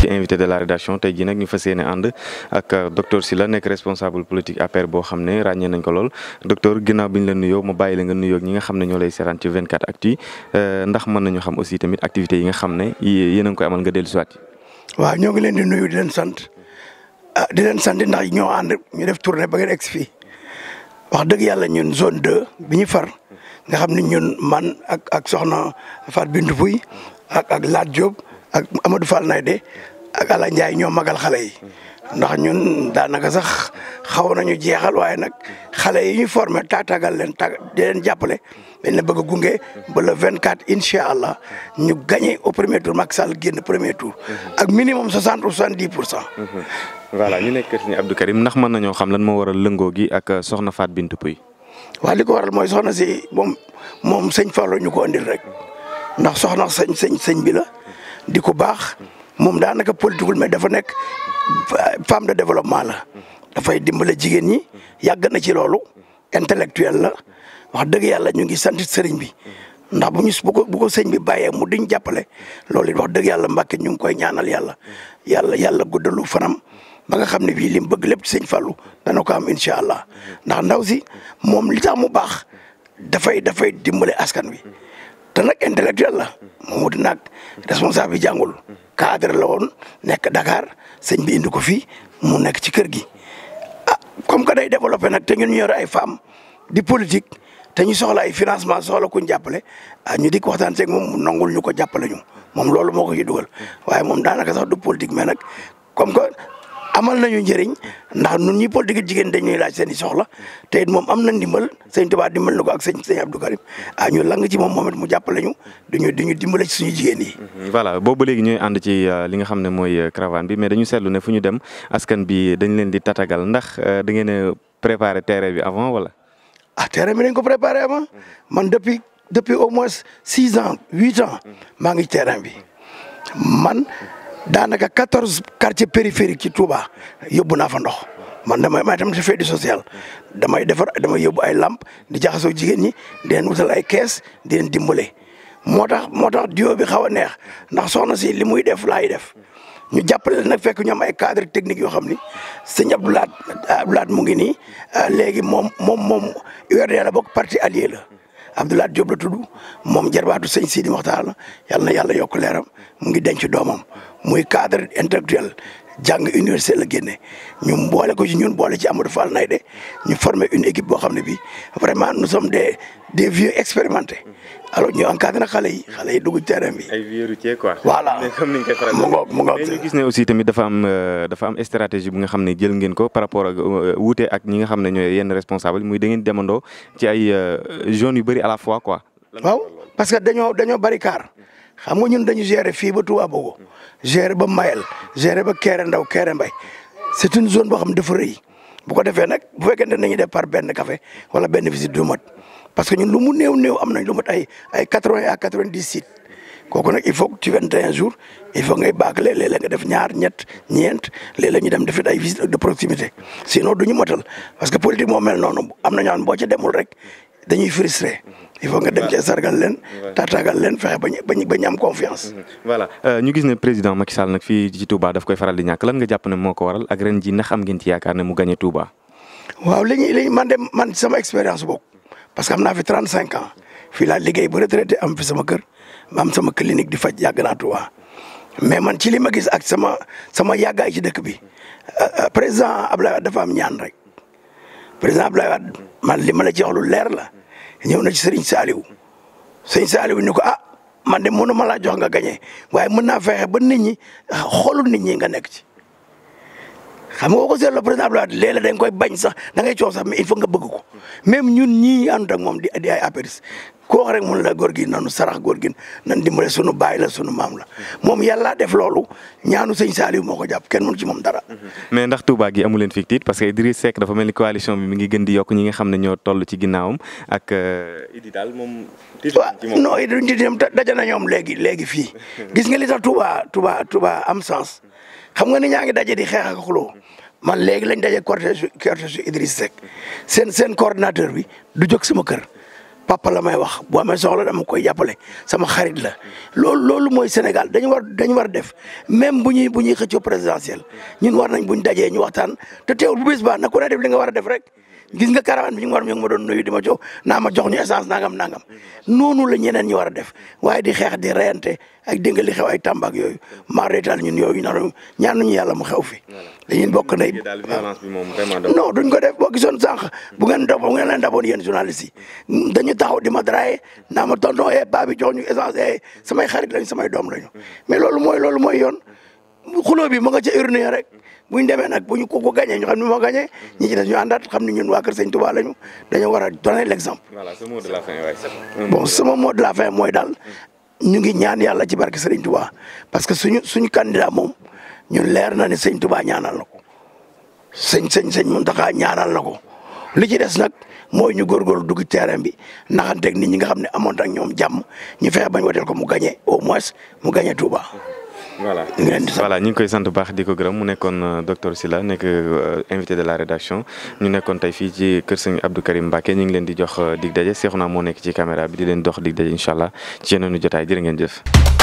ci invité de la rédaction tey jii nag ñu fas yéene ànd ak euh, docteur Sylla nekk responsable politique APR boo xam ne ràññee nañ ko lool docteur ginnaaw bi ñu la nuyoo ma bàyyi la nga nuyoo ñi nga xam ne ñoo lay seetaan ci 24 actu euh, ndax mën nañu xam aussi tamit activités yi nga xam ne yéen a ngi koy amal nga dellu siwaat waaw ñoo ngi leen di nuyu di leen sant ah, di leen sant ndax ñoo ànd ñu def tournée ba ngeen egg fii wax dëgg yàlla ñun zone 2 bi ñu far nga xam ne ñun man ak ak soxna Fatou Bintou Pouy ak ak Lat Diop ak Amadou Fall Naydé ak Alla Ndiaye ñoo magal xale yi ndax ñun daanaka sax xaw ñu jeexal waaye nag xale yi ñu formé taatagal leen ta di leen jàppale dañ la bëgg gunge ba le 24 incha allah ñu gagné au premier tour Macky Sall génn premier tour. ak minimum 60 ou 70 pour cent. voilà ñu nekk ni Abdou Karim ndax mën nañoo xam lan moo waral lëngoo gi ak soxna Faat Bintou Pouy. waaw li ko waral mooy soxna si moom moom sëñ Fallou ñu ko andil rek ndax soxna sëñ sëñ sëñ bi la di ko baax. moom daanaka politique mais dafa nekk femme de développement la dafay dimbale jigéen ñi yàgg na ci loolu intellectuel la wax dëgg yàlla ñu ngi sant sëriñ bi ndax bu ñu bu ko bu ko sëñ bi bàyyee mu diñ jàppale loolu wax dëgg yàlla Mbàkke ñu ngi koy ñaanal yàlla yàlla yàlla guddalu fanam ba nga xam ne bii li mu bëgg lépp ci sëñ Fallou dana ko am incha allah ndax ndaw si moom li tax mu baax dafay dafay dimbale askan wi te nag intellectuel la moom it nag responsable bi cadre la woon nekk dakaar sëñ bi indi ko fii mu nekk ci kër gi. ah comme que day développé nag te ñun ñu yore ay femmes di politique te ñu soxla ay financement soxla ku ñu jàppale ah ñu dikk waxtaan ceeg moom mu nangul ñu ko jàppale ñu moom loolu moo ko ci dugal waaye moom daanaka sax du politique mais nag comme amal nañu njëriñ ndax nun ñi politique jigéen dañuy laaj seen i soxla te moom am na ndimbal sëñ Tuubaa dimbal na ko ak sëñ sëñ Abdou Karim ah ñu lang ci moom moom it mu jàppale ñu duñu ñu dimbale ci suñu jigéen yi mhm, boobu léegi ñooy ànd ci euh, li nga xam ne mooy euh, caravane bi mais dañu seetlu ne fu ñu dem askan bi dañ leen di tatagal ndax euh, da ngeen a préparé bi avant wala ah terrain bi dañ ko préparé avant mhm. man depuis depuis au moins six ans huit ans mhm. maa ngi terrain bi man daanaka quatorze quartiers périphériques ci Touba yóbbu naa fa ndox man damay may itam dafay di social damay defar damay yóbbu ay lamp di jaxasoo jigéen ñi di leen wutal ay kees di leen dimbale. moo tax moo tax duo bi xaw a neex ndax soxna si li muy def laay def ñu jàppale nag fekk ñoom ay cadre technique yoo xam ni sëñ Abdoulaat Abdoulaat mu ngi nii léegi moom moom moom URD la bokk parti allié la. Abdoulaye Diop la tudd moom jarbaatu sëñ Sidi Moxtaar la yàlla na yàlla yokk leeram mu ngi denc doomam muy cadre intellectuel jàng université la génne ñu mboole ko ci ñun boole ci Amadou Fall nay de ñu former une équipe boo xam ne bii vraiment nous sommes des des vieux expérimentés alors ñu encadré na xale yi xale yi dugg terrain bi. ay vieux routiers quoi. voilà comme ni nga koy faral gis ne aussi tamit dafa am euh, dafa am stratégie bu nga xam ne jël ngeen ko par rapport ak euh, wuute ak ñi nga xam ne ñooy yenn responsable muy da ngeen demandoo ci ay zones euh, yu bëri à la fois quoi. waaw parce que dañoo dañoo bari kaar xam nga ñun dañu gérer fii ba Touba Bogo gérer ba Mayel gérer ba Kéré Ndaw Kéré Mbay c'est une zone boo xam dafa rëy bu ko defee nag bu fekkente nañu def par benn café wala benn visite du mat parce que ñun lu mu néew néew am nañ lu mat ay ay quatre-vingts à quatre-vingt-dix sites kooku nag il faut que ci vingt il faut ngay bàqale léeg-léeg nga def ñaar ñett ñeent léeg-léeg ñu dem def ay visite de proximité sinon du ñu motal parce que politique moo mel noonu am na ñaan boo ca demul rek dañuy frustré. Mhm. il faut nga dem ci sargal leen. taatagal leen fexe ba ñu ba ñu am confiance. Mhm. voilà euh, ñu gis ne président Macky Sall nag fii ci Touba daf koy faral di ñàkk lan nga jàpp ne moo ko waral ak ren ji ndax am ngeen ci yaakaar ne mu gagné Touba. waaw li ñuy man de man sama expérience boobu parce que am naa fi 35 ans fii laa liggéey ba retraité am fi sama kër ma am sama clinique di faj yàgg naa Touba mais man ci li ma gis ak sama sama yàggaay ci dëkk bi euh, euh, président ab dafa am ñaan rek man li ma la ci leer la. ñëw na ci Serigne Saliou Serigne Saliou ni ko ah man de mënu ma laa jox nga gagné waaye mën naa fexe ba nit ñi ah, xoolul nit ñi nga nekk ci. xam nga ko seetloo président Abdoulaye Wade léeg-léeg da nga koy bañ sax da ngay coow sax mais il faut nga bëgg ko même ñun ñii ànd ak moom di ay apéris koo rek mun la góor gi nanu sarax góor gi nan dimbale sunu baay la sunu maam la moom yàlla def loolu ñaanu sëñ Saliou moo ko jàpp kenn mun ci moom dara. mais ndax Touba gi amu leen fi tiit parce que Idriss Seck dafa mel ni coalition bi mi ngi gën di yokk ñi nga xam ne ñoo toll ci ginnaawam ak. Euh, Idi daal moom. non Idi duñ di dem daje na ñoom léegi léegi fii. gis nga li tax Touba Touba Touba am sens. xam nga ni ñaa ngi daje di xeex ak xuloo man léegi lañ daje cortège cortège Idriss Seck seen seen coordinateur bi du jóg sama kër papa la may wax boo amee soxla dama koy jàppale sama xarit la loolu loolu mooy Sénégal dañu war dañu war def même bu ñuy bu ñuy xëccoo présidentiel ñun war nañ bu ñu dajee ñu waxtaan te teewul bu bis baax na ko ne def li nga war a def rek. gis nga caravane bi ñu ma doon nuyu di ma jox naa ma jox ñu essence nangam nangam noonu la ñeneen ñi war a def waaye di xeex di reyante ak dégg li xew ay Tamba yooyu yooyu maa reetal ñun yooyu ñaanu ñaanuñu yàlla mu xew fi. dañuy bokk ndey non duñ ko def boo gisoon sànq bu ngeen dab bu ngeen leen daboon yéen journalistes yi dañu taxaw di ma draye naa ma tonton eh baa jox ñu essence eh samay xarit lañ samay doom lañu mm-hmm. mais loolu mooy loolu mooy yoon xuloo bi ma nga ca urne rek ñu demee nag bu ñu ko ko gagné ñu xam ne moo gagné ñi ci des ñu àndaat xam ne ñun waa Kër Sëñ Touba lañu dañoo war a bon mm. sama mot de la fin mooy daal ñu ngi ñaan yàlla ci barke Sëriñ Touba parce que suñu suñu candidat moom ñu leer na ne Sëñ tubaa ñaanal na ko sëñ sëñ sëñ Mountakha ñaanal na ko li ci des nag mooy ñu góorgóorlu dugg terrain bi naxanteeg nit ñi nga xam ne amoon ak ñoom jàmm ñu fexe bañ woteel ko mu gagné au moins mu gagné Touba. voilà voilà ñu ngi koy sant bu baax di ko gërëm mu nekkoon euh, docteur Sylla nekk euh, invité de la rédaction ñu nekkoon tey fii ci kër sëñ Abdou Karim Mbacke ñu ngi leen di jox euh, dig daje seexu naa moo nekk ci caméra bi di leen dox dig daje incha allah ci yeneenu jotaay jërë ngeen jëf.